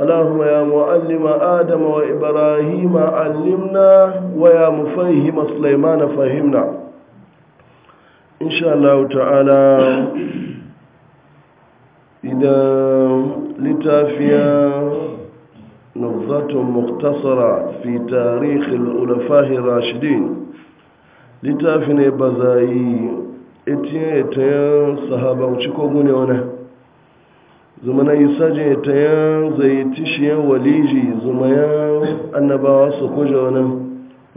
اللهم يا معلم آدم وإبراهيم علمنا ويا مفهم سليمان فهمنا إن شاء الله تعالى إذا لتافيا نبذة مختصرة في تاريخ الألفاء الراشدين لتافنا بزاي إتيان إتيان صحابة وشكو ونه zuma na yi saje ta yan zai waliji zuma yan annabawa su kuja wani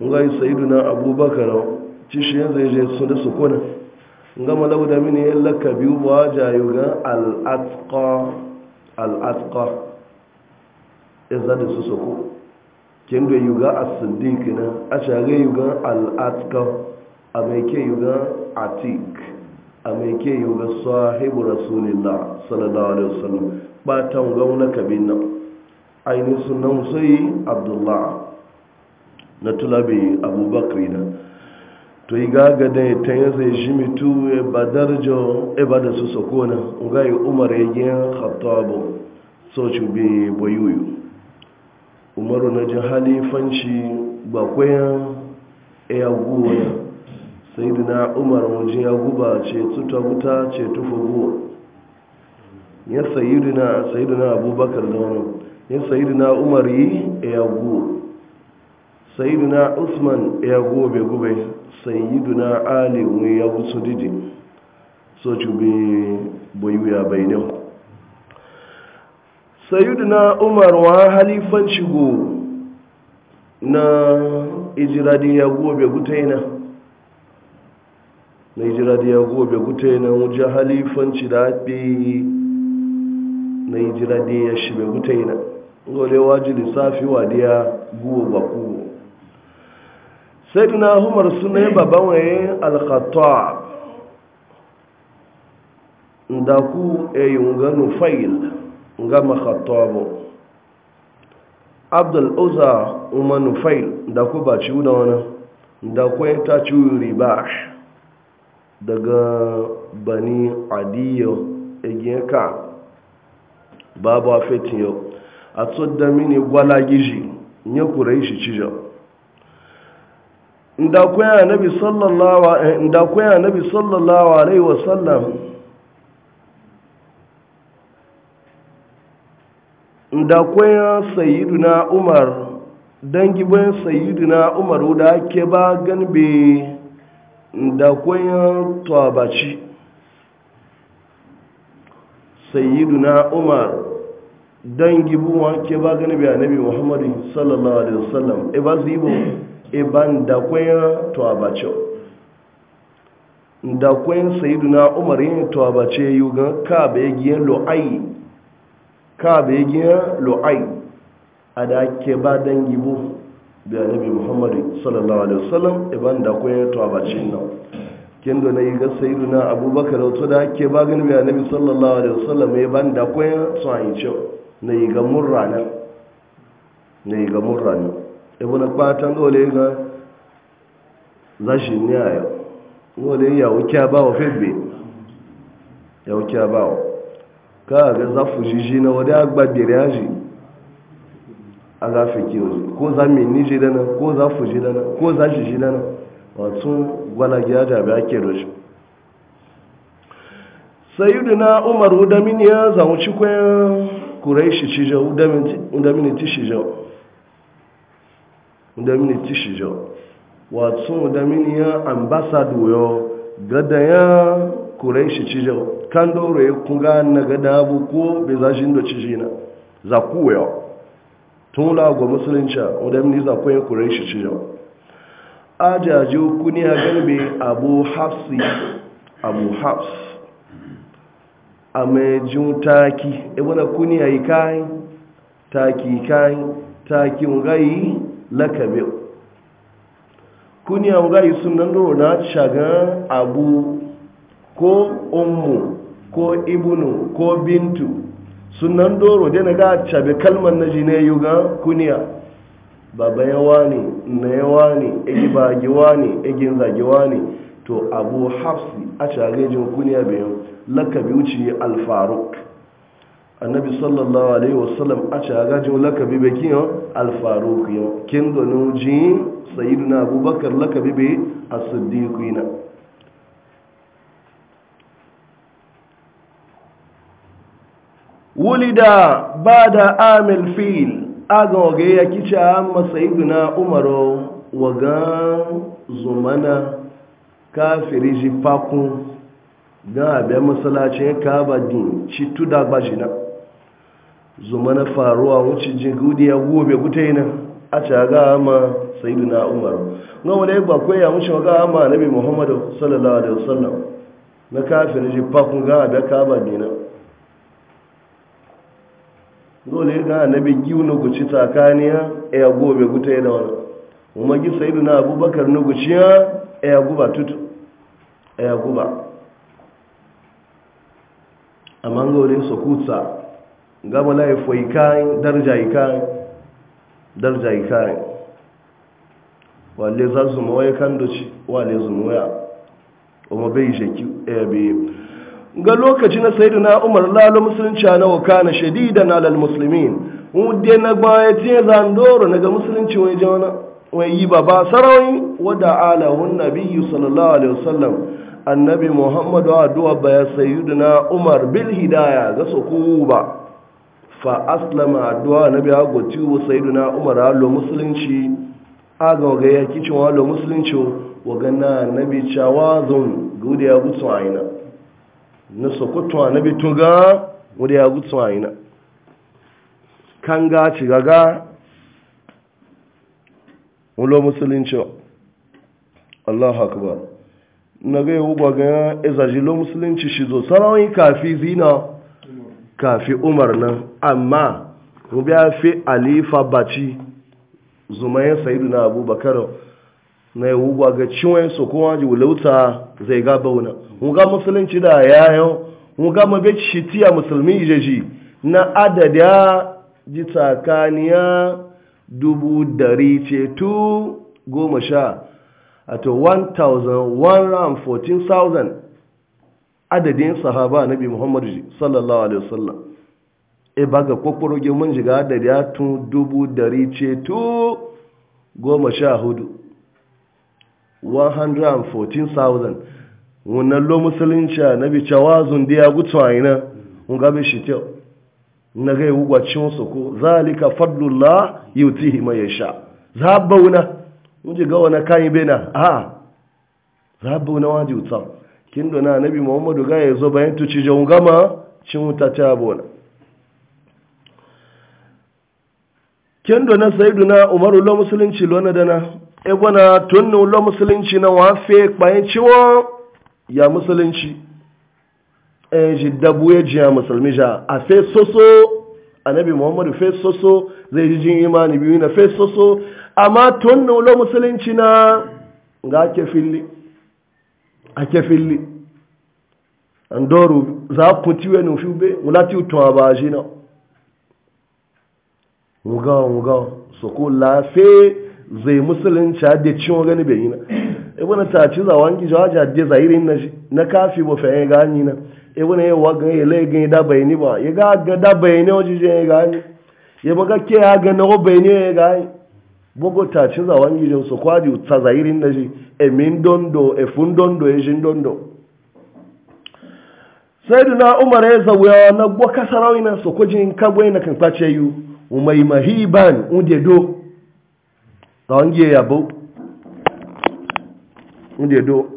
nga yi sayidu na abubakar tishiyan zai je su da su kuna nga malau da mini yan laka biyu ba jayo ga al'atka ya zada su su ku kin da yuga a siddiq na a shage yuga al'atka a mai ke yuga atik a mai ke yi ga sahibu rasulillah sallallahu alaihi wasallam ba ta gauna kabin nan ainihin sunan sai abdullah na tulabi abubakar na to yi gaga da ya ta yanzu ya shi mitu ya ba darjo ya ba da su sokona ga yi umar ya gina khattabu so ci bi boyuyu umaru na jin halifanci ba kwayan ya guwa sayidina umar wajen ya guba ce tuta wuta ce tufa guwa ya sayidina sayidina abubakar da wani ya sayidina umar yi ya guwa sayidina usman ya guwa bai gube sayidina ali wani ya gusu didi so ci bi bayuya bai ne sayidina umar wa halifanci go na ijiradi ya guwa bai gutaina na hijira da ya gobe gute na wuce halifanci da haɓe na hijira da ya shibe gute na gole waji lissafi wa da ya guwa ba ku sai na humar suna yi baban waye alkhatab da ku e yi nga nufail nga makhatabu abdul uza umar nufail da ku ba ciwu da wani da ku e ta ciwu riba. daga bani adiyo egiyanka babu afetin yau a tsodda mini gwala gishi ya kurai shi cijo inda kwaya eh, nabi sallallahu alaihi wasallam inda kwaya sayiduna umar dangi bayan sayiduna umar da ake ba ganbe da kwayan Sayidu na umar don gibuwa ke ba gani biya nabi muhammadu sallallahu alaihi wasallam iba zibo iban da kwayan tuwabaci da kwayan umar yin tuwabaci yi ga kaba ya giyan lo'ayi ya giyan lo'ayi a da ke ba don gibuwa da annabi muhammad sallallahu alaihi wasallam iban da ko ya to abacin nan kin da nayi ga Sayyiduna abubakar to da ke ba gani bi annabi sallallahu alaihi wasallam iban da ko ya so an ce nayi ga murrana nayi ga murrana ibn qatan dole ga zashi ne ayo dole ya wuce ba wa fibbe ya wuce ba ka ga zafu jiji na wada agbabire aji a ga fake waje ko za mai ni je dana ko za fu je dana ko za shi je dana wato gwala gida da ba ke roshi na umaru udamin ya zamu ci kwayan kuraishi ci jau udamin ti shi jau udamin ti shi jau wato udamin ya ambasado yo gada ya kuraishi ci jau kan dore kun ga na gada abu ko bezajin do ci jina za kuwa tun ga musulunci wadda mini za kwayin shi cijo ajaji kuni a galibin abu hafsi abu hafs a mejin jin taki ibina e kuniya a yi kayan taki kayan takin gayi lakabe kuniya a gayi sunan doro na shagan abu ko umu ko ibunu ko bintu sunan doro dai na ga cabe kalmar na ji na yi ga kuniya baba yawa ne na yawa ne egi ba giwa ne egin zagiwa ne to abu hafsi a carejin kuniya yau lakabi wuce alfaruk annabi sallallahu alaihi wasallam a carejin lakabi bai kiyo alfaruk yau kin donin jin sayiduna abubakar lakabi bai a siddiqina wulida ba da amil fil aga wage ya kica masayiduna umaru waga zumana kafiri ji fakun ga abin masalacin kaba din citu da gbajina zumana faruwa wuce jin gudi ya gobe gutaina a caga ma sayiduna umaru ga wani ya bakwai ya wuce waga ma nabi muhammadu sallallahu alaihi wasallam na kafiri ji fakun ga abin kaba dinan dole ga annabi giwu na guci tsakaniya ya gobe guta ya da kuma gi sayidu na abubakar na guci ya ya guba tutu ya guba amma ga wani su kutsa gaba na ifo ikayin darja ikayin darja ikayin wale za su mawaya kan doci wale su mawaya kuma bai shaki ya eh, bai ga lokaci na sayi na umar lalo musulunci a nawa na shadida na lal musulmin wadda na baya ce zandoro na ga musulunci wani jana wai yi ba ba sarawai wadda ala wun nabiyyu sallallahu alaihi wasallam annabi muhammadu addu'a baya da na umar bil hidaya ga su ba fa aslama addu'a biya agoti wa da na umar alo musulunci a ga ya kicin walo musulunci wa ganna nabi cawazun gudu ya gutsu aina na sokoto na bitu ga wadda ya gutsu a ina kan ga ci gaga wulo musulunci allahu akbar na ga yau gwaga izaji lo musulunci shi zo sarawai kafi zina kafi umar nan amma mu biya fi alifa baci zumayen saidu na abubakar na yawuwa ga ciwon su kuma ji wulauta zai ga bauna ga musulunci da yayo ga mabe shitiya musulmi jeji na adada ji tsakaniya dubu dari ce tu goma sha a to 1,114,000 adadin sahaba nabi muhammadu sallallahu alaihi wasallam e ba ga kwakwaro mun jiga adada tun dubu dari ce tu goma sha hudu 114,000 wannan lo musulunci na bi cawazun da ya gutu a ina un gabe shi tew na ga yiwu gwacin su ko zalika fadlullah yutihi ma a bauna. mun ji gawa na kayi bena a zabauna waji wuta kin do na nabi muhammadu ga zo bayan tuci jawun gama cin wuta ta bona kin do na duna umaru lo musulunci lo na dana ebona tun nula musulunci na wafe kpayin ciwo ya musulunci e ji dabu ya jiya musulmi ja a fe soso annabi muhammadu fe soso zai ji jin imani biyu na fe soso amma tun nula musulunci na ga ake filli ake filli andoru za ku tiwe fi be mulati utuwa ba ji na mugawa mugawa so ko lafe zai musulunci da ciwon gani bai yi na e ibina ta ci za wangi jawa jade zahirin na shi na kafi ba fayin gani na e ibina ya waga ya lai gani da bayani ba ya ga ga da bayani wajen jen ya gani ya maga ke ya ga na bayani ya gani bugu ta ci za su kwadi ta zahiri na shi emin dondo efun dondo ya e dondo sai umar ya na su kujin kagwai na tawangiye yabo ndiye do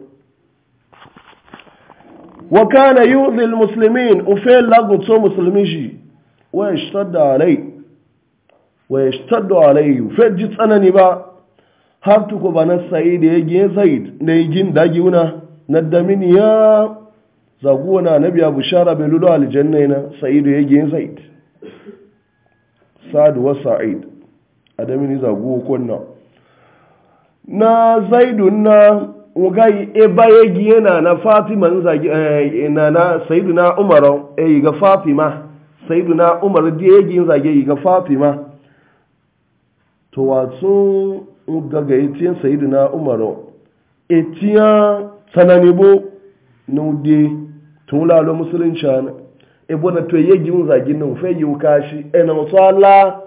wa kana musulmi almuslimin ufel lagu musulmi muslimiji wa yashtadda alai wa yashtaddu alai ji tsanani ba har tuko sayi da ya sayi da ya gin dagi wuna na damini ya zaguna nabi abu shara belulu aljanna na da ya ge zaid sa'd wa a damini zaguwa kwanan na zaidu na wugai e baye giye na na fatima zagi eh, na na saidu na umar e eh, ga fatima saidu na umar di e giye zagi ga fatima to wato gaga itin saidu na umar etiya sanani bo nude tula lo musulunci ana e bona to ye giye zagi na fe wuka shi e na ala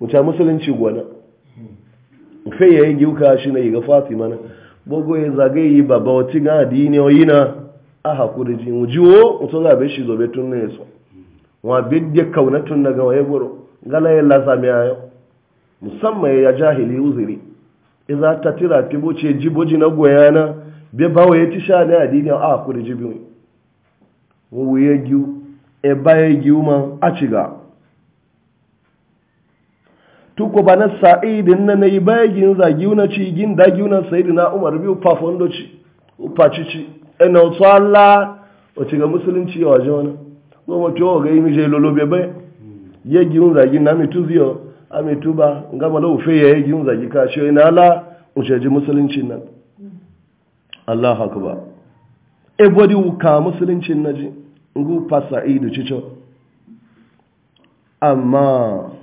mutsa musulunci gwana fe ya yi giuka shi na ga fatima na bogo ya zagaye yi baba wacce ga adini oyi na a hakuri ji ujiwo mutum ga bai shi zobe tun na yaso wa bidde kaunatun na gawaye goro gala ya lasa mai ayo musamman ya jahili uzuri iza ta tira tibo ce jiboji na goya na bai bawa ya ti sha ne adini a hakuri ji biyu wuye giu e baya giu ma a ciga tuko bana sa'idin na nayi bagin zagi una ci gin dagi una sayyidina umar biyu fafon doci upacici ina e tsalla wace ga musulunci yawa jona goma to ga yi mije lolobe bai ye giun zagi na mitu ziyo a mitu ba ngama lo ya ye giun zagi ka shi ina e la uce ji musulunci nan Allahu akbar e bodi ka musulunci naji ngu fa sa'idu cicho amma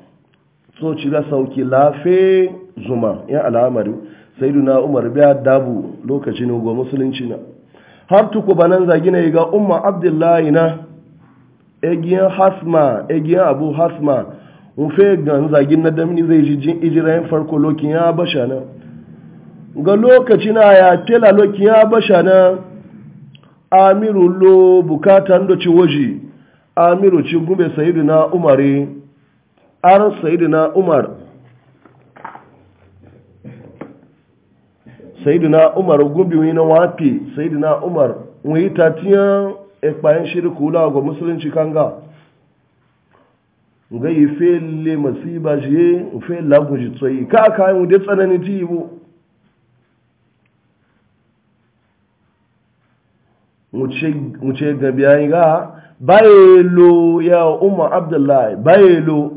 so ci ga sauki lafe zuma ya al'amari sai duna umar biya dabu lokacin ugo musulunci na har tuku banan zagi na ga umma abdullahi na egiyan hasma egiyan abu hasma un fe gan na damini zai ji jin ijirayen farko lokin ya basha na ga lokaci na ya tela lokin ya basha na amiru lo bukatan da ci waji amiru ci gube sayidu na umari har sayidina umar sayidina umar gubi na wafi sayidina umar wani tatiyan ekpayin shirku ga musulunci kanga nga yi fele masiba je fe lagun ji tsoyi ka ka yi de tsanani ti ibo mu ce gabi ayi ga bayelo ya umar abdullahi bayelo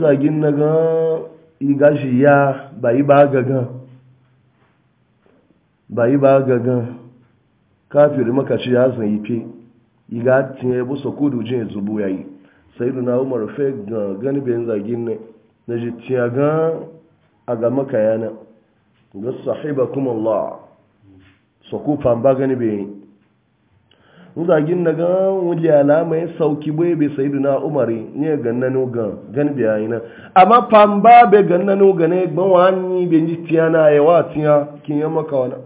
zagin na ga igashi ya bayi ba gagan bayi ba gagan kafir ya zan yi fe iga tinye busa kudu jin zubu ya yi sai na umar fe gani bayan zagin ne na ji tiya ga maka ga makayana ga sahiba kuma Allah so ba famba gani bayan zagin na ga wuli alamai sauki bai bai sai duna umari ne ganna no ga gan biya ina amma pamba be ganna no ga ne gban wani be ji tiyana ya wa tiya kin ya maka wala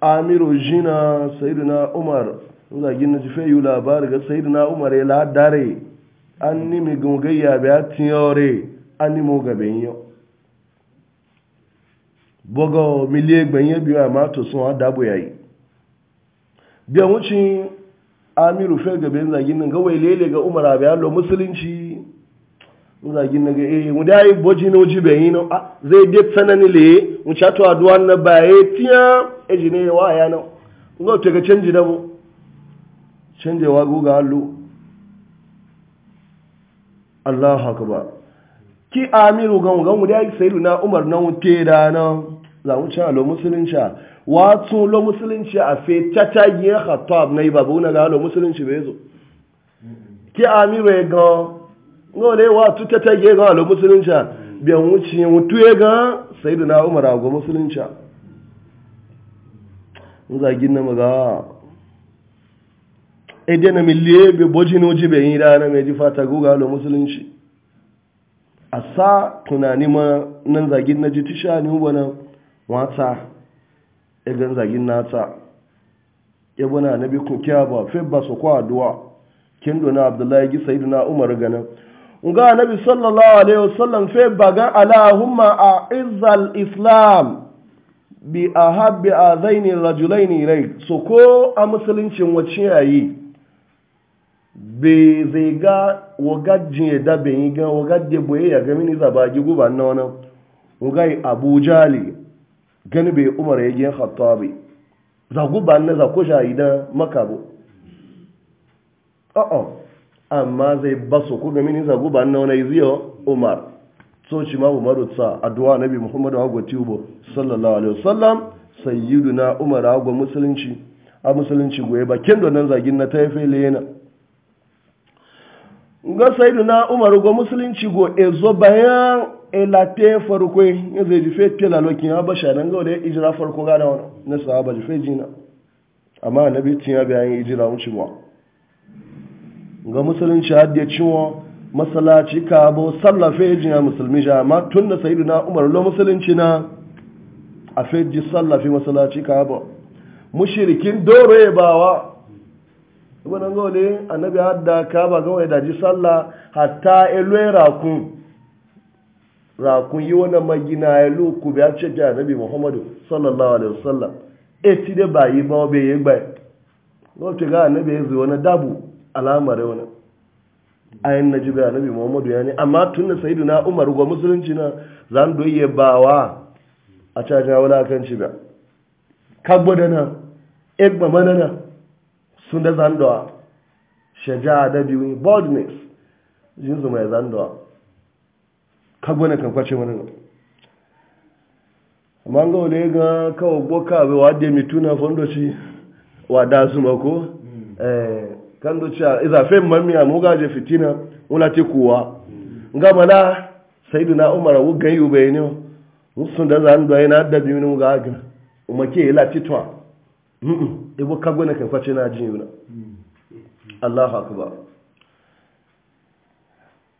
amiru jina na umar zagin na jife yu labar ga na umar ya ladare an ni mi gungayya be atiyore an ni mo ga be bogo miliye gbanyen biyo amma to sun yayi biya wucin amiru fe gabe yin zagin nan gawai lele ga umar abu yalo musulunci zagin nan ga eh mu da yi boji na wuji bayi na ah, zai dit tsanani le mu ci ato aduwa na baye tiya eji ne wa ya nan ga ta ga canji da mu canjewa goga allo Allahu akbar ki amiru ga mu ga mu da yi sayyiduna umar nan wuce da nan za mu ci alo musulunci wato lo musulunci a fe tatagiyar khattab na babu na gano musulunci bai zo ki amiru ya gan nole wato ta gan lo musulunci biyan wuce mutu ya ga sai da na umar ga e musulunci zagin na maga ede na be bai bojin wuce bai yi rana mai ji fata ga lo musulunci a sa tunani ma nan zagin na ji tisha ni ubanan wata egan zagin nata ibuna nabi kun kyaba febba su kwa duwa kindo na abdullahi gi na umar gana nga nabi sallallahu alaihi wasallam febba ga a a'izzal islam bi ahabbi azaini rajulaini ilayk so ko a musuluncin wace yayi be zai ga wagajin ya dabe yi ga wagadde boye ya ga mini zabagi guba na wani wagai abu jali gani bai umar ya hatta khattabi zagu ba na zaku shahidan makabo a'a amma zai basu ko gami ni zagu ba na wani ziyo umar so ci ma umaru tsa addu'a nabi muhammadu hagu tubo sallallahu alaihi wasallam sayyiduna umar hagu musulunci a musulunci goye bakin da nan zagin na taife lena ga sayyiduna umar hagu musulunci go ezo bayan te farko ya e zai jife tela lokin ya ba nan ga wadda ijira farko gada wani na sahaba jife jina amma na bitin ya bayan ijira wuce ba ga musulunci hadde ciwo masalaci ka bo sallafe jina musulmi ja amma tun da saidu na umar lo musulunci na a feji sallafe masalaci ka bo mushirikin doro ya e bawa ibn ngole annabi hadda ka ba ga wai daji sallah hatta elwera ku? rakun yi wani magina ya luku biya ce ga nabi muhammadu sallallahu alaihi wasallam e ti da bayi ba obe ya gba wato e. ga nabi ya zo wani dabu alamar wani ayin na jibi nabi muhammadu ya ne amma tun da sayidu na umar ga musulunci na zan doye bawa a cajin wala kan ci ba kagbo da nan egba mana nan sun da zandawa shaja'a da biyu boldness jinsu mai zandawa kagwana kan kwace wani nan amma ga wani ga kawo boka abu wa da tuna fondoci wa da su mako mm. eh kan doci a izafe fe mamiya mu gaje fitina wula te kuwa ga saidu na umar wu gan yu yi ne musun da zan doye na da wani mu ga ga ke ila titwa mm e kagwana kan kwace na jin wuna mm. Allahu akubar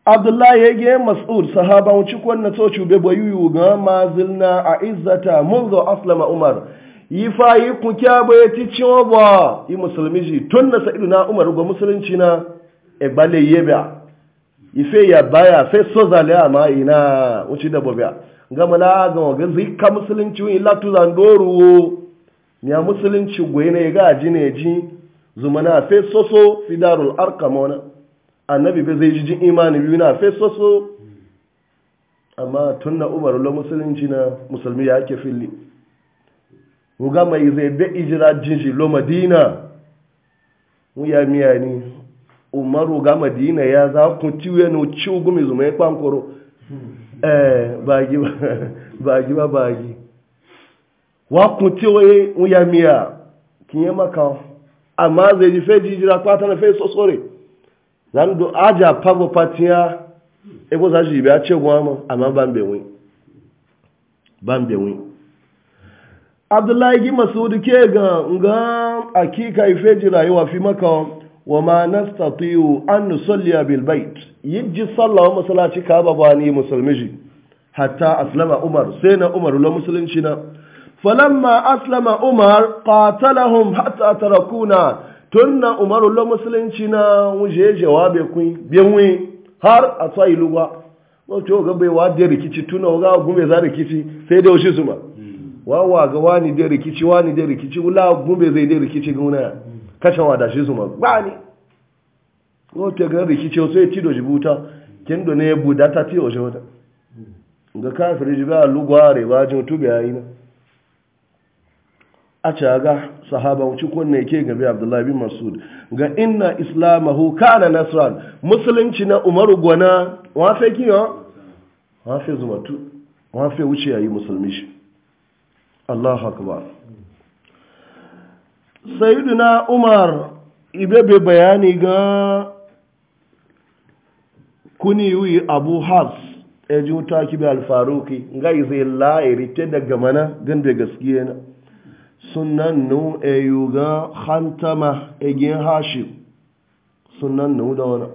abdullahi ya ge mas'ud sahaba wuci kwanna to cube bayuyu ga mazilna a izzata munzo aslama umar yi fa yi ku kya ba ya ti ciwo ba yi musulmi ji tun na sa'idu na umar ga musulunci na e bale yebe yi fe ya baya fe so zale ama na wuci da bobiya ga mala ga ga zai ka musulunci wani latu zandoru miya musulunci goyi ne ga ji ne ji zumana fe soso fidarul arkama wani annabi bai zai ji imani biyu na fesoso amma tun na umaru la musulunci na musulmi ya ke fili ga mai zai be ijira jinshi lo madina mu ya miya ni umaru ga madina ya za ku ciwe no ciwo gumi zuma ya kwankoro hmm. eh bagi bagi ba bagi wa ku ciwe mu ya miya kinye maka amma zai ji fe jijira kwata na fesoso ne zando aja pavo patia ebo zaji be ache gwama ama bambe wi bambe abdullahi gi masudi ke ga nga akika ifeji rayuwa fi maka wa ma nastati'u an nusalli bil bait yiji sallahu masallaci ka babani musulmiji hatta aslama umar sai na umar lo musulunci na falamma aslama umar qatalahum hatta tarakuna tun na umaru lo musulunci na wuje jawabe kun biyanwe har a tsayi lugwa wato ga bai wa da rikici tuna ga gume za rikici sai da wasu zuma wa ga wani da rikici wani da rikici wula gume zai da rikici guna Kashe wa da shi zuma no wato ga rikici wasu ya tido buta kin do ne budata ti ojo da ga kafiri jiba lugwa re ba jin tubi ayi na a caga sahaba wuce kowanne ke gabi abdullahi bin masud ga inna islamahu kana nasran musulunci na umaru gwana wafe kiyo wafe zumatu wafe wuce yayi musulmi shi allahu akbar sayyiduna umar ibebe bayani ga kuni yi abu has ejuta wuta kibe alfaruki ga izai la'irite daga mana gande da gaskiya na sunan nu e yuga khantama egin hashim sunan nu da wani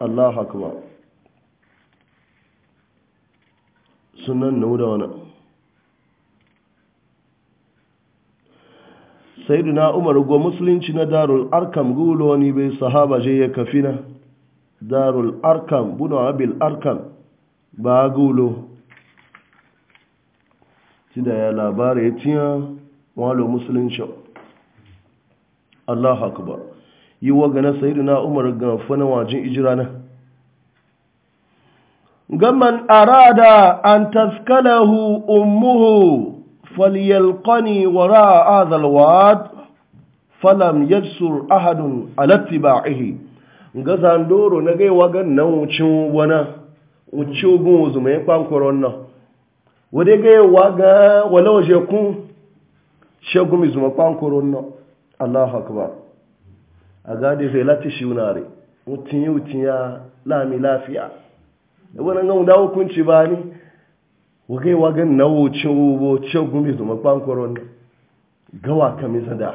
Allah akbar sunan nu da wani sayyiduna umar go musulunci na darul arkam gulo ni bai sahaba je ya kafina darul arkam bunu abil arkam ba gulo tida ya labarai ya tiyan walo musulunci allahu akbar yi wa gana na umar ga fana wajin ijira na gaman arada an taskalahu ummuhu falyalqani wara azal wad falam yajsur ahadun ala tiba'ihi ga zandoro na gaiwa gan wucin wana wucin gun zuma ya kwankwaron nan wadai gaiwa ga walawaje kun shagumi zuma kwankoro no allahu akbar a gadi zai lati shi wunare mutum yi mutum ya lami lafiya e da wani gan da hukunci ba ni wagai wagan na wuce wubo shagumi zuma kwankoro no gawa kami zada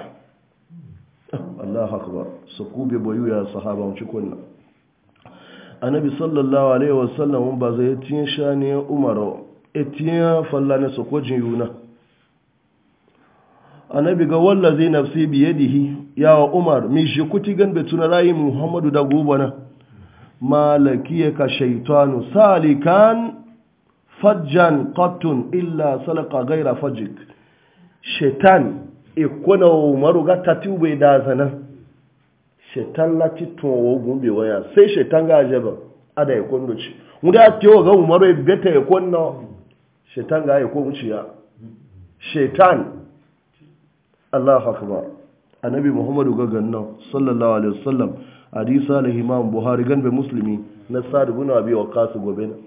allahu akbar su kube bayu ya sahaba wuce kunna annabi sallallahu alaihi wasallam ba zai tiyan shani umaru etiyan fallane sokojin yuna annabi ga zai nafsi biyadihi ya wa umar mi shi kuti gan na rayu muhammadu da gubana ka shaitanu salikan fajjan katun illa salaka gaira fajik shaitan ikuna umaru ga tatiu bai da zana shaitan lati ogun gumbe waya sai shaitan ga ajaba ada ya kondo ci ya ce wa ga umaru ya beta ya na shaitan ga ya kondo ci ya shaitan Allahu akbar annabi Muhammadu gagan nan sallallahu alaihi wasallam hadisa da imam Buhari bai musulmi na Sa'd ibn Abi kasu gobe na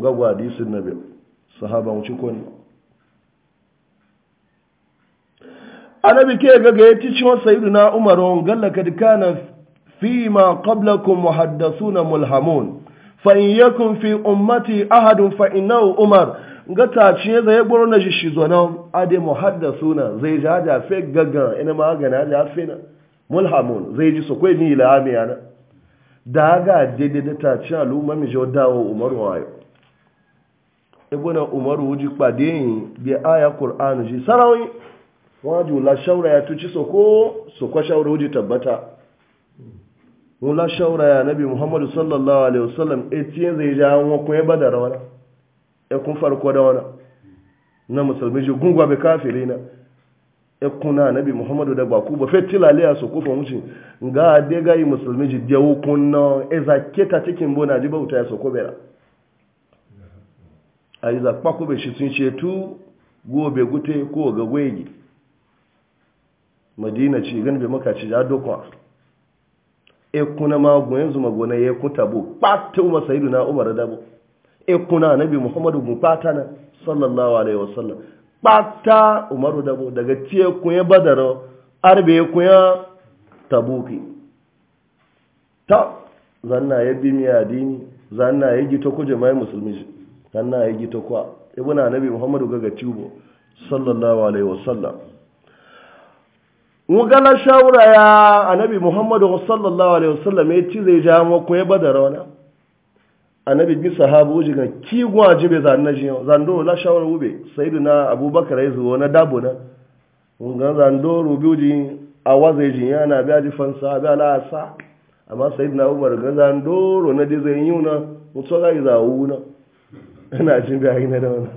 ga gwa hadisin nabi sahaba mu ci kon annabi ke ya ga yati ciwon na Umar on galla kad kana fi ma qablakum muhaddathuna mulhamun fa in yakun fi ummati ahadun fa innahu Umar ga ce zai gboro na shi zona ade muhaddasu na zai ja da fe gaga ina magana da fe na mulhamun zai ji su kwai ni ilhami na. da ga dede da tace ma mi jo dawo umaru wayo ibuna umaru wuji pade yin bi aya qur'an ji sarawi waju la shaura ya tuci so soko shaura wuji tabbata mula shaura ya nabi muhammadu sallallahu alaihi wasallam etiyen zai ja won ko e badarawa ya kun farko da wani na musulmi ji gungwa bai kafiri na ya kuna nabi muhammadu da baku ba fetti laliya su kufa mucin ga de ga yi musulmi ji da hukun na eza keta cikin bona ji bauta ya soko bera a yi zakpa ko bai shi sun cetu gobe gute ko ga gwegi madina ci gan bai maka ci ja dokwa e kuna magun yanzu magona ya kuta bu kpatu masaidu na umar da dabo ikuna nabi muhammadu gufata na sallallahu alaihi wasallam ɓata umaru dabo daga ciye kunya badaro arbe kunya tabuki ta zanna ya bi miya dini zanna ya gito ko jama'ai musulmi zanna ya gito kwa ibuna nabi muhammadu gaga tubo sallallahu alaihi wasallam wugala shawara ya annabi muhammadu sallallahu alaihi wasallam ya ci zai ja mu kunya badaro na annabi bin sahabu uji ga ki gwaji be zan naji zando la shawara ube sayyidina abubakar ya zuwa na dabo na ngan zando rubi uji awaze ji yana bi aji fansa bi ala asa amma sayyidina umar ga zando ro na dize yuna mutso ga za wuna ina jin bi ayi na da wannan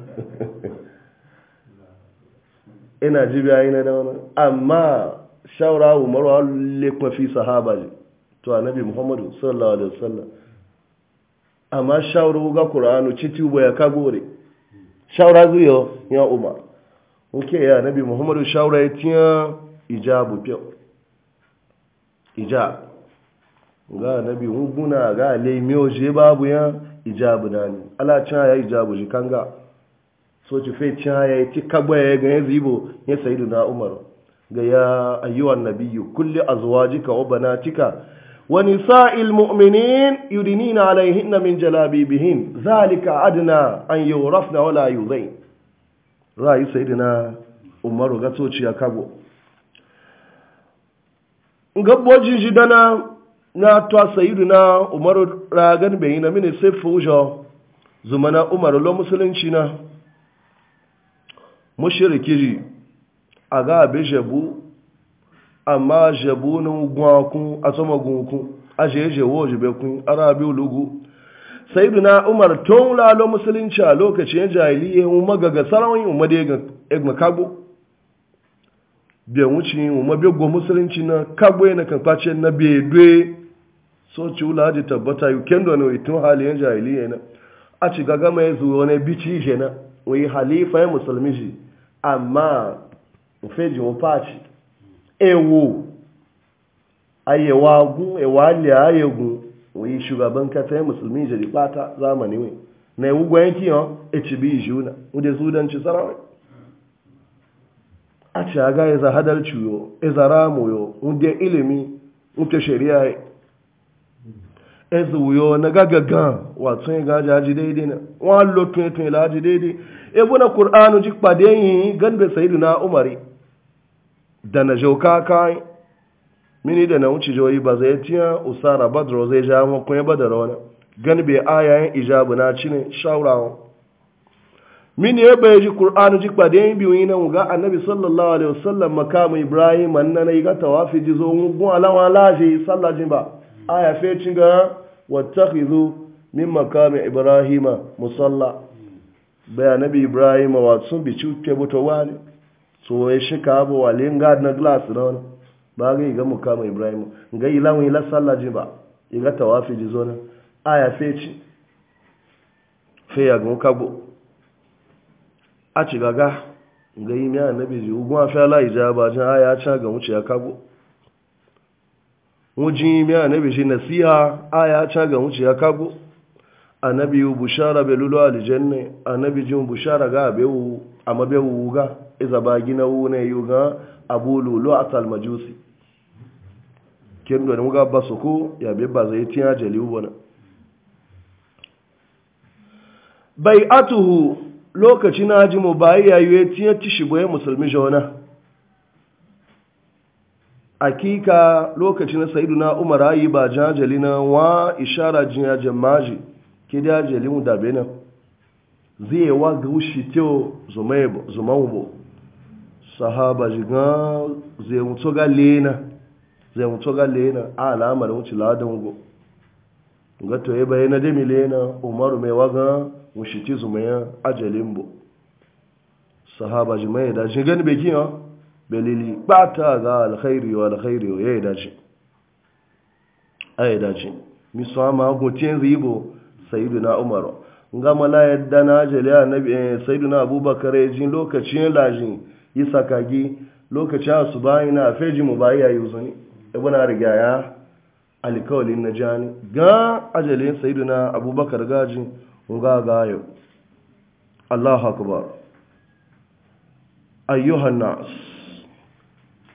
ina ji bi ayi na da wannan amma shawara umar wa le kwafi sahaba to annabi muhammadu sallallahu alaihi wasallam amma shawara ga qur'anu citi bo ya kagore hmm. shawara zuyo ya umar oke ya nabi muhammadu shawara ya tiya ijabu fiyo ijab ga nabi hubuna ga laimiyo je babu ya ijabu dani ala cin ya ijabu ji kanga so ci fe cin ya ti kagbaya ya ganye zibo ya na umar ga ya ayyuhan nabiyyu kulli azwajika wa banatika ونساء المؤمنين يدنين عليهن من جلابيبهن ذلك عدنا أن يورفن ولا يضين رأي سيدنا عمر غتوشي أكابو gabboji ji dana na ta sayidu na umaru ragan bayi na mini sai fujo zuma na umaru lo musulunci na mushiriki a ga abejebu amma jabunin gwakun a tsoma gunkun a jeje wo jibe kun arabi lugu sayyiduna umar tun lalo musulunci a lokacin jahiliya mu magaga sarawin mu made ga egma kago bi wuci mu mabe go musulunci na kago na kan face na be dwe so ci ula ji tabbata yu kendo ne itun haliyan jahiliya na a ci gaga mai zuwa ne bici je na wai halifa ya musulmi ji amma mu feji mu faci ewu ayewa e gun ewa le ayegun oyi shugaban kasar musulmi jiri fata zamani ne na ewu gwayen kiyon e hb juna wadda sudanci sarawai a ce a ga iza e hadalci yo iza ramu yo wadda ilimi wadda shari'a ya ezu na gagagan wato ya gaji haji daidai na wani lotun ya tun ila haji daidai ebe na ƙur'anu ji kpade yi gan na da na jau kakai mini da na wuce jawai ba zai tiya usara badro zai ja mu kuma da rawana gani bai ayayen ijabu na cine shawrawo mini ya bai ji qur'anu ji kwade bi wi na ga annabi sallallahu alaihi wasallam makamu ibrahim annana ga tawafi ji zo mu gun alawa laji sallah ba aya fe cinga wattakhidhu min makami ibrahima musalla bai annabi ibrahim wa sun bi cuke buto wani tsohon shi ka abu wale nga na glass na wani ba ga iga mukama ibrahim ga ila wani ila sallah ji ba iga tawafi ji zo na aya fe ci fe ya ga kabo a ci gaga ga yi mi annabi ji ugun afi ala ijaba jin aya ca ga wuce ya kabo wujin mi annabi ji nasiha aya ca ga wuce ya kabo annabi bushara belulu aljanna annabi jin bushara ga bewu amma bewu ga iza ba gina wune yi ga abu lulu a talmajusi kin da muga ba su ku ya bi ba zai tiya jali wani bai atuhu lokaci na ji mu bayi ya yi tiya shi boye musulmi jona akika lokaci na Saidu na umar ayi ba jajali na wa ishara jiya jamaji ke da jali mu dabe na zai wa gaushi teo zuma ubo sahaba jiga zai mutu ga lena zai mutu ga lena a alamar wuce ladan go ga ya e bayi na da lena umaru mai waga mushiti zumaya ajalin bo sahaba ji mai da shi gani bekin ya belili bata ga alkhairi wa alkhairi ya yayi dace ayi dace miso so ma go tin ribo sayyiduna umaru ga la yadda na ajali annabi eh, sayyiduna abubakar ya jin lokacin lajin yi sakagi lokaci a su bayi na feji mu bayi ya yi uzuni ibu e na riga ya alikawalin na jani ga ajalin sa'idu na abubakar gaji ga gayo allahu akbar ayyuhan nas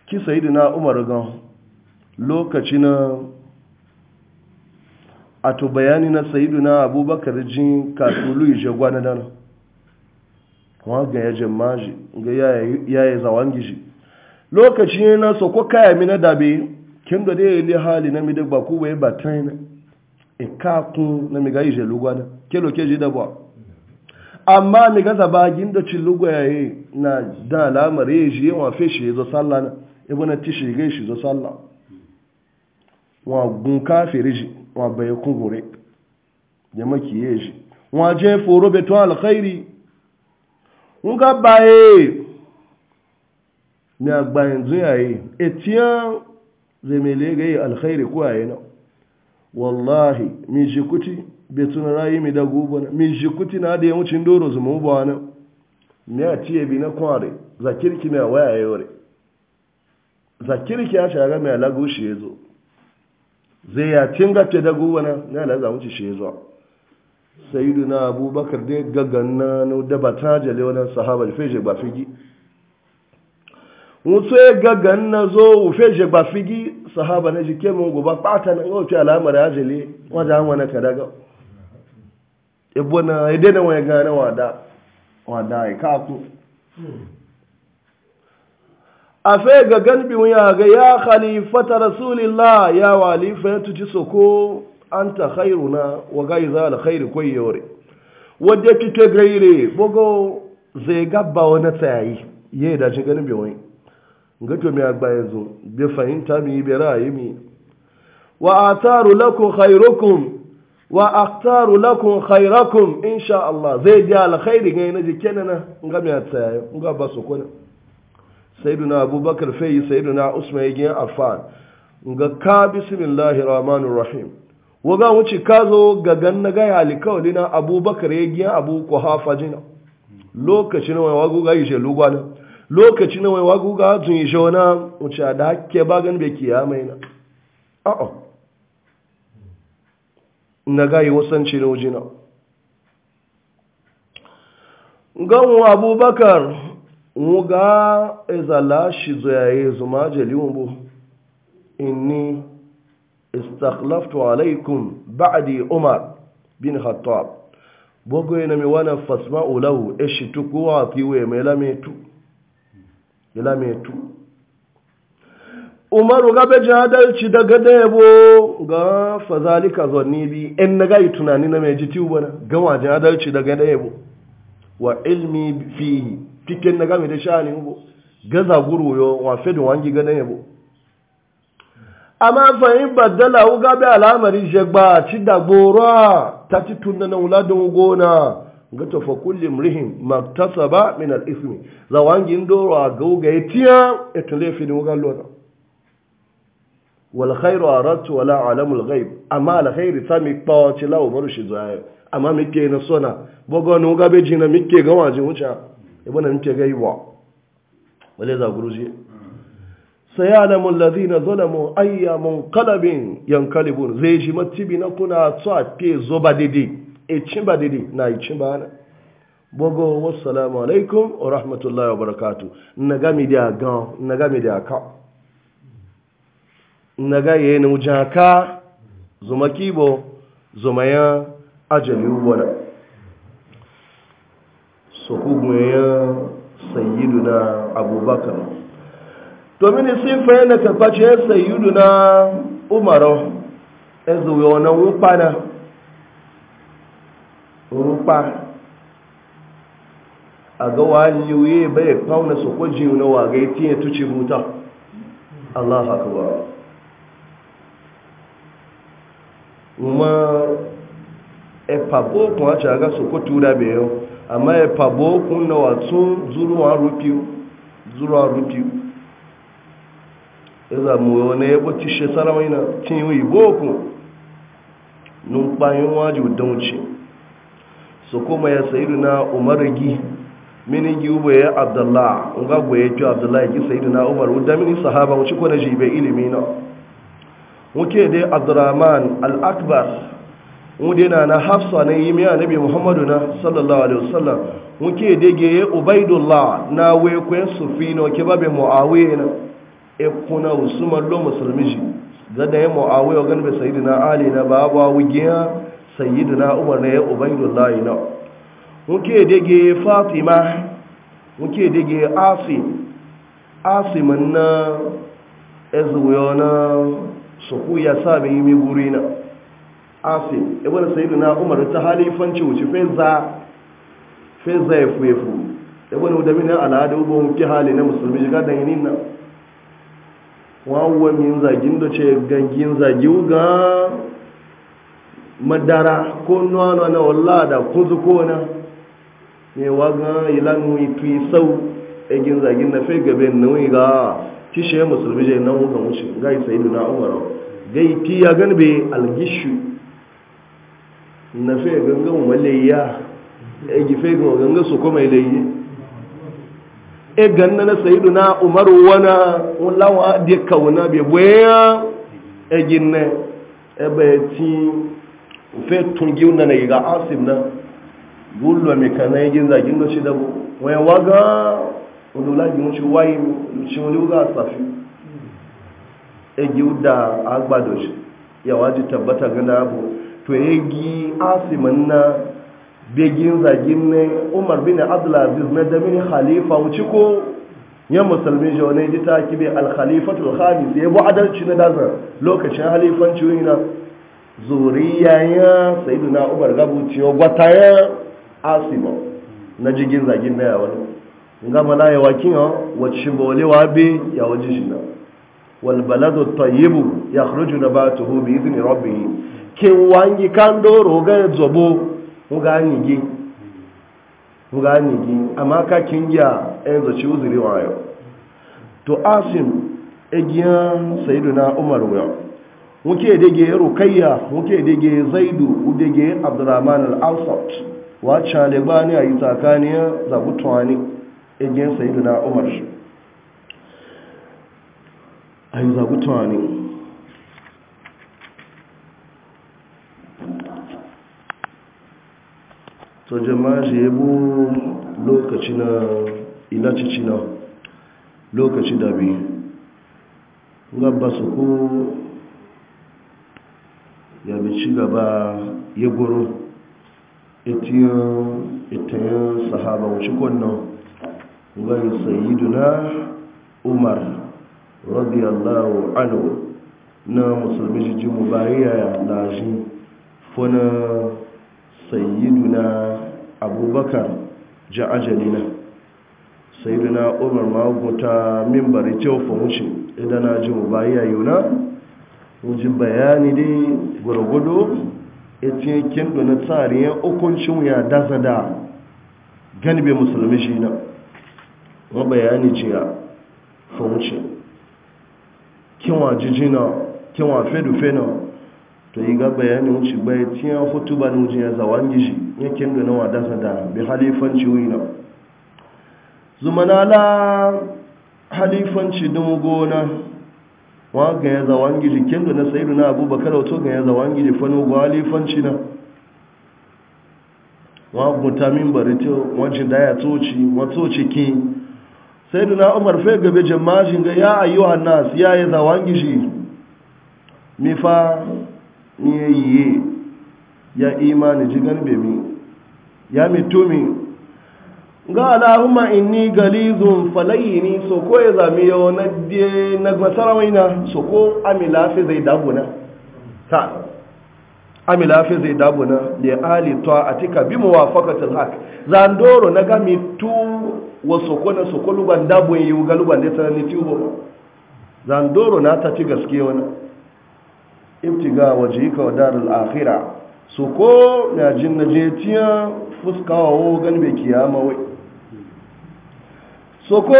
ki sa'idu na umar gan lokaci na a to bayani na sa'idu na abubakar jin katulu ije gwanadana waga ya jamaji ga ya zawangi shi lokaci na so ko kaya mi na dabe kin ga dai ile hali na mi da ba ku bai batain e ka ku na mi ga ije lugwana ke loke ji da ba amma mi ga zabagin da ci lugwaye na da lamar ya ji wa fe shi zo sallah na ibn e tishi ga shi zo sallah wa gun kafiri ji wa bai kun gore jama'a ki ye ji wa je foro beto alkhairi nga baye na bayan zuyaye etiyan zemele ga yi e, alkhairi ko yi e na wallahi mi jikuti betun rayi mi da gubo na mi jikuti na da yamucin doro zumu ba na mi a ciye bi na kware zakirki mi a waya yore e zakirki ya shaga mai lagu shi yazo zai ya tinga te da gubo na na la zamuci shi yazo sayyiduna abubakar dai gaganna na daba ta jale wannan sahaba feje ba figi mutu ya gaganna zo feje ba figi sahaba na jike mun gobe, pata na yau ce alamar ya jale wajen wani kadaga na ya na wani gane wada wada ya kaku a fe gagan biyu ya ga ya khalifata rasulillah ya walifa ya tuci soko anta khairuna wa gaiza la khairu koyi yore wadda kike gaire bogo zai gabba wani tsayayi ya yi dacin ganin bai wani ga to mai agba yanzu bai fahimta mi bai ra'ayi mi wa ataru lakum khairukum wa aktaru lakum khairakum insha Allah zai ji khairi ga yana jike na na ga mi tsayayi ga ba su kuna sayyiduna abubakar Fayyi, sayyiduna usman ya gina affan ga ka bismillahir rahmanir rahim waga wuce ka zo ga ganna gaya alikawali na abubakar ya giyan abu ko hafa jina lokacin wani wagu ga yi shelu gwana lokacin wani wagu ga tun yi shauna wuce da hake bagan bai kiya mai na a'a na wasan cire jina ganwa abubakar wuga ezala shi zoyaye zuma jeliwun bu inni istakhlaftu alaikum ba'di umar bin khattab bogo yana mi wana fasma'u lahu eshitu kuwa tiwe melametu melametu umaru gabe jadalci daga debo ga fazalika zonni bi in na gai tunani na mai jiti ubana gawa jadalci daga debo wa ilmi fi fikin na game da sha'ani ubo gaza guru yo wa fedon wangi ga debo amma fahim baddala wuga bi al'amari jagba ci da gora ta ci tunna na wuladin gona ga tafa kulli mrihim maktasaba min al-ismi zawangin doro a gauga ya fi ni laifin wuga lona wal khairu aratu wala alamul ghaib amma al khairu sami kpawa ci lawo baru shi zuwa amma ke na sona bogo no gabe jina mi ke, ga waje wuce ibana mike gaiwa wale za guruji sayalamu alladhina zalamu ayya munqalabin yankalibun zai ji matibi na kuna tsa pe zo ba didi e ba didi na yi cin ba na bogo wassalamu alaikum wa rahmatullahi wa barakatuh na ga na da ka na ga yayin mujaka zuma kibo zuma ya ajali wala so ku mu ya abubakar domin fayar yana tafaci ya sayidu na umaru ya zuwa wani rupa na rupa e e a ga waliyoyi bai fauna su kwaji na wagai tiye tuci buta allah haka ba ma epabo kun a caga su ko tura bayan amma epabo kun na watsun zuruwa rufiyu za mu wani ya bacci shi na cin yi boku numfayin wajibu don wuce su ya sayi na umargi mini giube ya abdullah nga abdallah ya abdullah ki sayyidina umar mini sahaba wuce ko da ilimi na Nwoke dai abdurrahman al-akbar wude na na hafsa na yi nabi muhammadu na sallallahu alaihi ubaidullah na na e kuna usuma lo musulmi shi zada ya mu'awiya wa ganbe sayyidina ali na babu awugiya sayyidina umar na ya ubaidullahi na muke dage fatima muke dage Asi asi na ezuwa na suku ya sami yi guri na asim ibn sayyidina umar ta halifanci wuce feza feza ya fuyefu ibn udamin al'adu ba muke hali na musulmi shiga yinin nan wawon yin zagin da ce gangin zagi ga madara ko nuna na walla da kuzu kona ne waga ilan witu sau egin zagin na fai gabe na wani ga kishe musulmi je nan wuka wuce gai sai na umaru ga ti ya ganbe algishu na fai gangan wale ya egi fai ganga su kuma ilayi e ganna na sayidu na umaru wana lawa de kauna be boya e ginne e be ti fe tungi unna na ga asim na gullo me kana e ginza ginno shi da waya waga ulula gin shi wayi shi uluga safi e giuda agbado shi ya waji tabbata ganda abu to e gi asimin na begin zagin ne umar bin abdulaziz na damini khalifa wuce ko ya musulmi jaunai ji ta kibe alkhalifatul khamis ya bu adalci na dazar lokacin halifanci wani na zuriya ya sai na umar gabu ciwo gwata ya asima na jigin zagin na yawon gama na yawa kiyan wacce bolewa be yawon jishina walbaladu tayyibu ya ba nabatuhu bi robin yi. kin wangi kan doro ga zobo muga nigi amma ka kingiya yan zaci uzuri wayo to asim egiyan sayiduna umar wayo nwoke dage rukayya nwoke dage zaidu udage abdurrahman al-awsat wacce lebani a yi tsakaniyar zagutuwani egiyan sayiduna umar a yi zagutuwani to jama'a ya bu lokaci na ilacici na lokaci da bi ba su ku ya bi ci gaba ya goro itayen sahaba wuce kwanan gani sayiduna umar radiyallahu anhu na musulmi jijin mubariya na shi fana sayyiduna abubakar ja ajalina sayyiduna umar maguta mimbari cewa wuce idan na ji mu bayiya ji wuji bayani dai gwargwado ya kindu na tsariyar hukuncin ya daza da ganibe musulmi shi na wa bayani ce ya fahimci kinwa jijina kinwa fedu na. to yi ga bayanin wuce bai tiyan hutu ba nujin ya zawon gishi yankin da na wadasa da bi halifanci na zumanala halifanci don gona wa ga ya zawon gishi kin da na sayidu na bakar wato ga ya zawon gishi fano ga halifanci na wa buta min bari ta wancin da ya toci watoci ki sayidu na umar fai gabe jamajin ga ya ayyuhan nas ya yi zawon gishi mifa ni ya yi ya imani jigan bemi ya mitumi ga alahuma inni galizun falayini so ko ya e zami yau na de na masarawina so ko amilafi zai dabuna ta amilafi zai dabuna da ali ta atika bi muwafaqatil haq zandoro na ga mitu wa soko na soko lugan dabun e yi ga lugan da tsanani tubo zandoro na ta ci gaskiya wannan ibtiga wajhika wa darul akhirah su ko na jin na je tiya fuskawa wo gan be kiyama wai so ko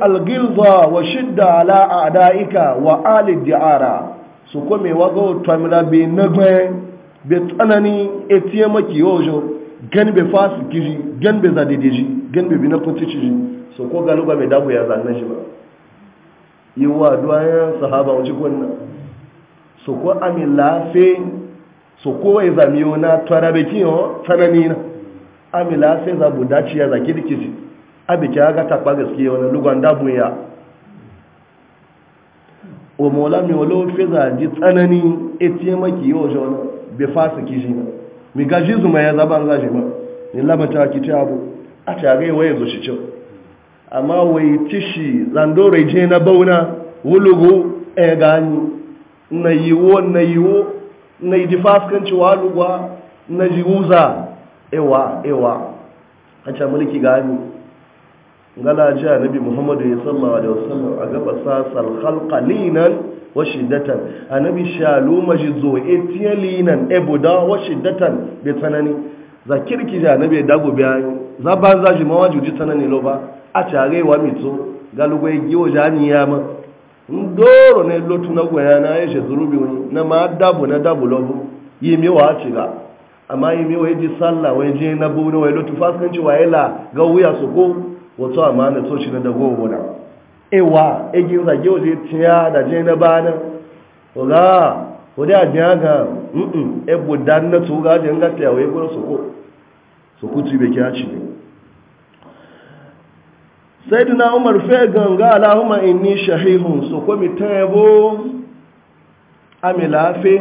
algilza wa shidda ala a'daika wa ali di'ara su ko me wago tamira be nagbe be tsanani etiya maki yojo gan be fasiki gan be zadidiji gan be bina kuntici so ko galuba be dabu ya shi ba wa duwayen sahaba wuce kunna su ko amila sai so kowai zamiyo na tarabe yau tsanani na amila sai zabu dace ya zaki kisi abiki ya ga takwa gaskiya wani lugon dabun ya wa mola mai wala fi zaji tsanani ya maki yau jona be fasa kishi na mi gaji zuma ya za shi ma ni labata ki ta abu a ta gai waye zo shi cewa amma wai tishi zandore je na bauna wulugu e gani na yiwo na yiwo na yi difaskanci walugwa na jiruza ewa ewa a can mulki gani gala ji nabi muhammadu ya sallallahu alaihi wasallam a gaba sassar halka linan wa A nabi shalu maji zo etiyan linan ebuda wa shidatan. bai tsanani za kirki ji nabi ya dago bayani za ban ji mawaji juji tsanani lo ba a tare wa mito galugwai giwo jani ya ma ndoro ne lotu na elotu na ya shi zurubi wani na ma dabu na dabu lobu yi mi wa ci ga amma yi mi wa ji sallah wa ji na bu ne wa lotu faskanci wa ila ga wuya su ko wato amma na to shi na dago wona ewa e gi e za ge o je tiya da je na bana oga o da je ga mm e bu dan na to ga je ga tiya wa e ko su ko su ku ci be ci ne sai dina umar fe ganga alahuma inni shahihun so ko mi amilafe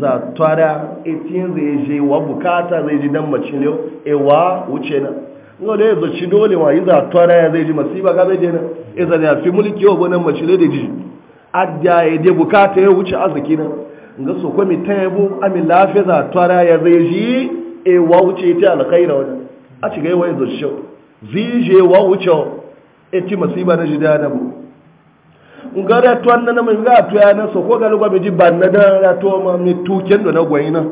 za twara etin wa bukata zai ji dan ewa wuce na ngo ci dole wa yiza ya zai masu masiba ga bai dena iza ne fi mulki wa da ji a bukata ya wuce arziki na nga so ko mi amilafe za ya zai ewa eti masiba na jida na mu nga da to anna na mai to ya na so ko ga lugwa ji ban na da to ma mi tuken do na gwaina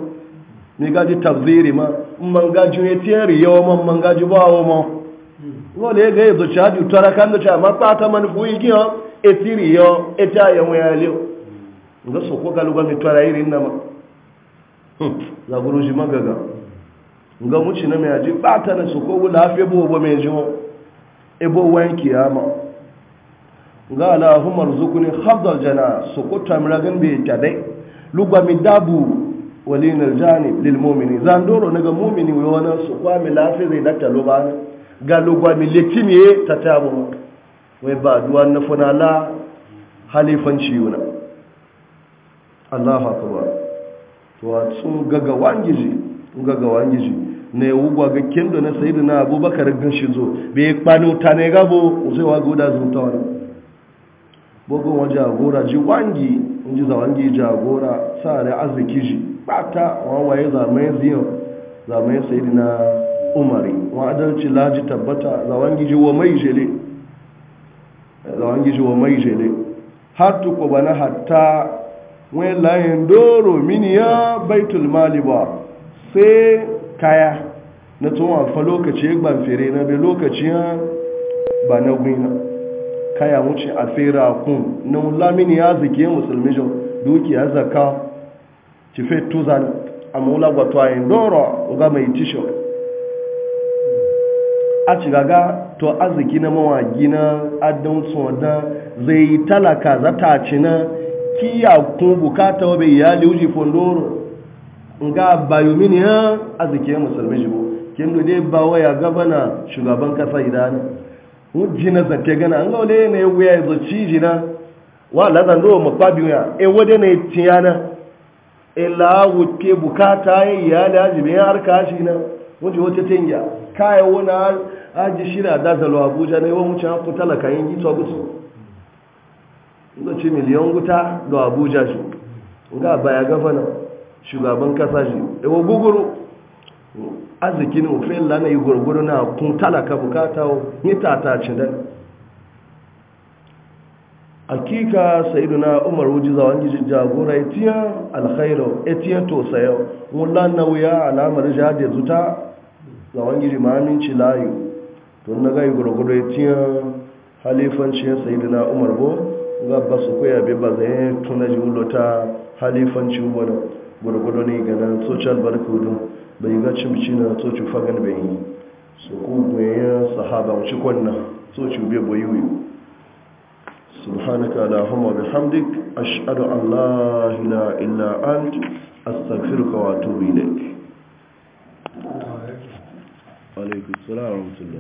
mi ga ji tafsiri ma man ga ji ne tiyari yawa man man ga ji bawo ma wale ga yazo cha ji tara kan da cha ma ta man fu yi giyo ri yo eta ya mu ya leo nga so ko ga lugwa mi tara irin na ma hmm, za guruji magaga nga mu ci na mai ji pata na so ko lafiya bo bo mai ji ebo wayan kiyama ga Allahumma zukuni hafdar jana sukuta miragan bi tadai lugwa mi dabu walin aljanib lil mu'mini na ga mu'mini wa wani su kwami lafi zai dakta lobana ga lugwa mi ta tabu wai ba duwan na funala halifan ciyuna Allahu akbar to sun tsun gaga na ya wugwa ga kendo na sayidu na abubakar ganshi zo bai yi kpani ta ne gabo zai wa guda zunta wani bugun wa jagora ji wangi in ji zawangi jagora sa arziki ji bata wawaye zamai ziyan zamai sayidu na umari wa adalci laji tabbata zawangi ji wa mai jele zawangi ji wa mai jele har tukwa bana hatta wani layin doro miniya baitul maliba ba sai kaya na tsohon fa lokaci ya gbanfere na bai lokaci ya ba na gwina kaya wuce a fera kun na lamini ya zike musulmi jau duki ya zaka ci fe tuzan a mula gwato a indoro ga mai tisho a ci gaga to arziki na mawagi na adon tsoda zai yi talaka ta ci na kiya kun bukata wa bai iyali uji fondoro ga bayomini ya arziki ya musulmi jibo kin da dai ba waya gabana shugaban kasa idana hujji na zace gana an gaule ne wuya ya ciji na. wa la zan zo makwabi ya e wade ne tiyana e la wuke bukata ya iyali aji me harka shi na wuce wata tinga kai wona aji shira da zalo abuja ne wa mucin haku talaka yin gito gutu ndo ci miliyon guta do abuja shi ga baya gafana shugaban kasa shi e wa guguru arzikin ofin lana yi na kun talaka bukata yi tatacin da akika na umar wujiza wani jagora etiyan alkhairu etiyan sayo wula na wuya alamar jade zuta za wani jimaminci layu tun na ga yi gwargwaro etiyan halifancin na umar bo ga ba su koya bi ba zai tunaji wulota halifancin wani gwargwaro ne ganin social barkudu. bai ga cimci na so ci fagan bai yi su kugoyen sahaba wuce kwanna tsoci bai bai yi subhanaka da hama bi hamdik ashadu an la ila illa an astagfirka wa ilaik alaikusura